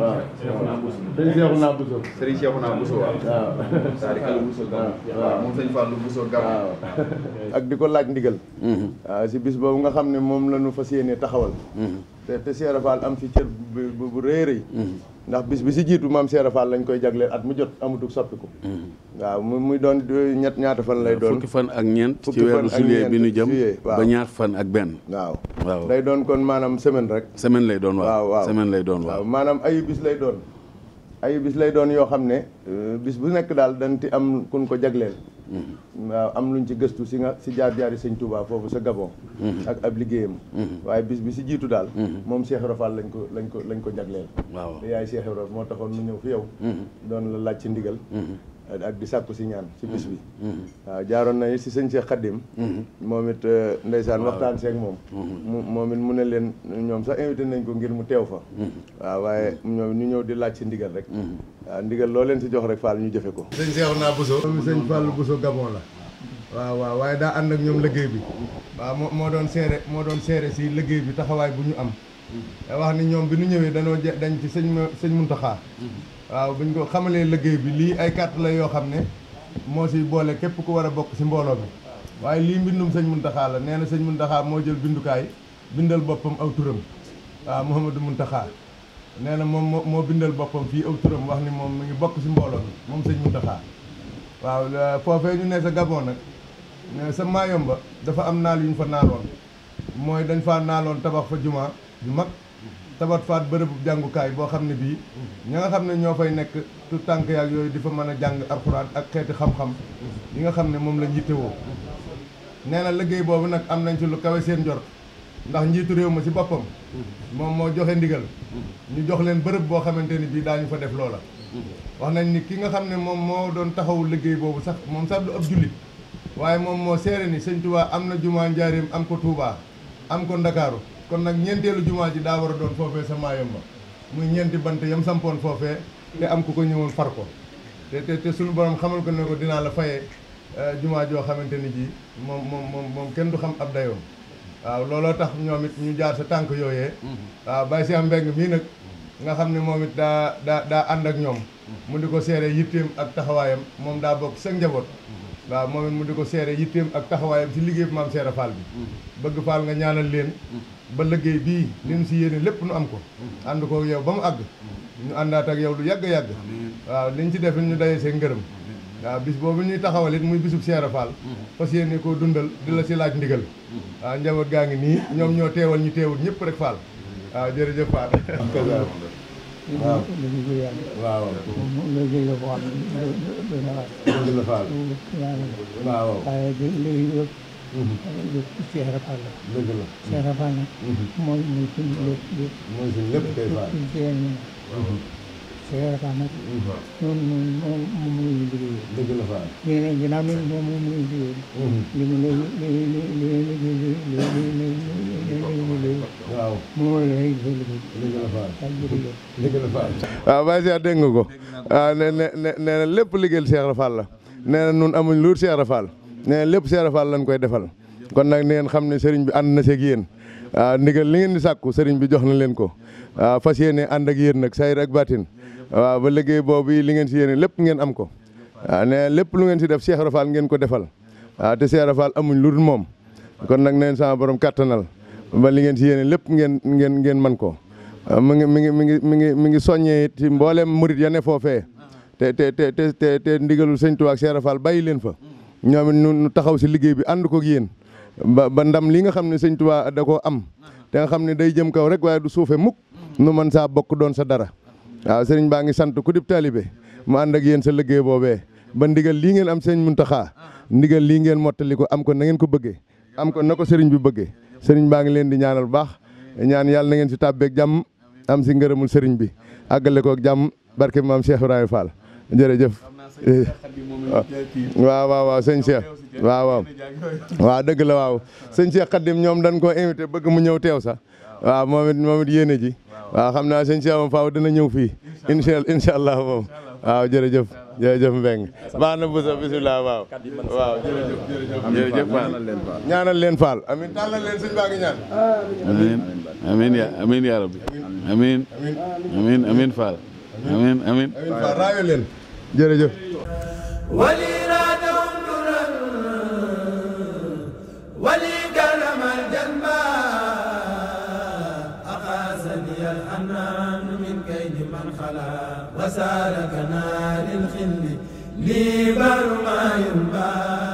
waaw sëriñ Cheikhouna Bousso. sëriñ Cheikhouna Bousso waaw. waaw Sarikala Bousso Gam. waaw moom sëñ Fallou ak di ko laaj ndigal. Mm-hmm. waaw si bis boobu nga xam ne moom la ñu fas yéene taxawal. Mm-hmm. te te Cheikh Fall am fi cër bu bu rëy rëy mm-hmm. ndax bis bi si jiitu maam Seera Fall lañ koy jagleel at mu jot amatul ko mm-hmm. waaw mu muy doon ñet ñaata fan lay doon. fukki fan ak ñeent ci weeru juillet bi ñu jëm ba ñaat fan ak benn. waaw waaw day doon kon maanaam semaine rek. semaine lay doon waaw semaine lay doon waaw. maanaam ayu bis lay doon. ay bis lay doon yoo xam ne euh, bis bu nekk daal dañ ti am kun ko jagleel mm-hmm. waaw am luñ ci gëstu si nga si jaar-jaari sëñ Touba foofu sa Gabon mm-hmm. ak ab liggéeyam mm-hmm. waaye bis bi si jiitu daal moom Cheikh lañ ko lañ ko lañ ko jagleel waaw yaay Cheikh Ibra moo taxoon mu ñëw fi yow doon la laaj ci ndigal ak di sàkku si ñaan ci bis bi mm-hmm. Mm-hmm. waaw jaaroon na si sëñ Cheikh Khadim mm-hmm. moom it euh, ndeysaan waxtaan seek moom moom it mu ne leen ñoom sax invité nañ ko ngir mu teew fa waaw waaye ñoom ñu ñëw di laaj si ndigal rek waaw ndigal leen si jox rek Fall ñu jëfe ko sëñ Cheikhouna Bousso moom sëñ Fall Bousso Gabon la waaw waaw waaye daa ànd ak ñoom liggéey bi waaw moo doon seere moo doon seere si liggéey bi taxawaay bu ñu am wax ni ñoom bi ñu ñëwee danoo dañ ci sëñ sëñ Muntaxaa waaw buñ ko xamalee liggéey bi lii ay carte la yoo xam ne moo si boole képp ku war a bokk si mbooloo mi waaye lii mbindum sëñ Muntaxaa la nee na sëñ Muntaxaa moo jël bindukaay bindal boppam aw turam waaw Mouhamadou Muntaxaa nee na moom moo bindal boppam fii aw turam wax ni moom mu ngi bokk si mbooloo mi moom sëñ Muntaxaa waaw foofee ñu ne sa Gabon nag sa ba dafa am naal yu ñu fa naaloon mooy dañ faa naaloon tabax fa jumaa ju mag tabat faat bërëbu jàngukaay boo xam ne bii ña nga xam ne ñoo fay nekk tu tànk yaag yooyu di fa mën a jàng alxuraan ak xeeti xam-xam yi nga xam ne moom la njiitewoo nee na liggéey boobu nag am nañ ci lu kawe seen njort ndax njiitu réew ma ci boppam moom moo joxe ndigal ñu jox leen bërëb boo xamante ni bii daañu fa def loola wax nañ ni ki nga xam ne moom moo doon taxawu liggéey boobu sax moom sax du ab jullit waaye moom moo seere ni sëñ Tuubaa am na jumaa njaareem am ko Tuubaa am ko Ndakaaru kon nag ñeenteelu jumaa ji daa war a doon foofee sa maayomba muy ñeenti bant yam sampoon foofee te am ku ko ñëwoon far ko te te suñu borom xamal ko ne ko dinaa la fayee euh, jumaa joo xamante ni ji moom moom moom kenn du xam ab dayoom waaw looloo tax ñoom it ñu jaar sa tànk yooyee mm-hmm. waaw Baye Cheikh Mbeng mii nag nga xam ne moom it daa daa daa ànd ak ñoom mm-hmm. mu di ko seere yitteem ak taxawaayam moom daa bokk sa njaboot mm-hmm. waaw moom it mu di ko seere yitteem ak taxawaayam ci liggéey bi maam seere bi bëgg Fall nga ñaanal leen ba liggéey bii li ñu si yéene lépp nu am ko ànd ko yow ba mu àgg ñu àndaat ak yow lu yàgg-yàgg waaw liñ ci def ñu dayee seen ngërëm waaw bis boobu ñuy taxawal it muy bisub Seera Faal fas yéene koo dundal di la si laaj ndigal waaw njaboot gaa ngi nii ñoom ñoo teewal ñu teewul ñëpp rek Faal waaw jërëjëf Faal waaw waaw waaw loolu Cheikh ah, dëgg la Cheikh waaw moom la ñuy liggéey. waaw Baye Cheikh dégg nga ko. waaw ah, nee na nee na lépp liggéeyal Cheikh Ibra Fall la. nee na ñun amuñ luur Cheikh Ibra nee lépp Cheikh Fall lañ koy defal kon nag ni xam ne sëriñ bi ànd na seeg yéen waaw ah, ndigal li ngeen di sàkku sëriñ bi jox na leen ko waaw ah, fas yéene ànd ak yéen nag sayir ak baatin waa ah, ba liggéey boobu li ngeen si yéene lépp ngeen am ko waaw lépp lu ngeen si def Cheikh Fall ngeen ko defal waaw te Cheikh Fall amuñ lu dul moom kon nag neen sama borom kàttanal ba li ngeen si yéene lépp ngeen ngeen ngeen man ko mi ngi mi ngi mi ngi mi ngi mi ngi soññee ci mboolem murit ya ne foofee te te te te te ndigalul sëñ Tuubaa ak Cheikh Fall leen fa ñoom it ñu taxaw si liggéey bi ànd koog yéen ba ba ndam li nga xam ne sëñ Tuubaa da koo am te nga xam ne day jëm kaw rek waaye du suufe mukk nu mën saa bokk doon sa dara waaw sëriñ baa ngi sant ku dib taalibe mu ànd ak yéen sa liggéey boobee ba ndigal lii ngeen am sëñ sëriñ Muntaxa ndigal lii ngeen mottali ko am ko na ngeen ko bëggee am ko na ko sëriñ bi bëggee sëriñ baa ngi leen di ñaanal bu baax ñaan yàlla na ngeen si tàbbeeg jàmm am si ngërëmul sëriñ bi àggale ko jàmm barke maam Cheikh Ibrahima jërëjëf waaw waaw waaw sëñ waaw waaw waaw dëgg la waaw sëñ Cheikh ñoom dañ ko invité bëgg mu ñëw teew sax waaw moom it waaw xam naa sëñ Cheikh faaw dina ñëw fii incha incha allah moom waaw jërëjëf jërëjëf Mbeng baax na busa bisimilah waaw waaw jërëjëf jërëjëf ñaanal leen Fall amin amin ya rabbi amin amin amin jërëjëf wali raadahum duran wali kalamal janba aqasani al anan min kaydi man khala wasalaka naaril xilli li baru ma yumba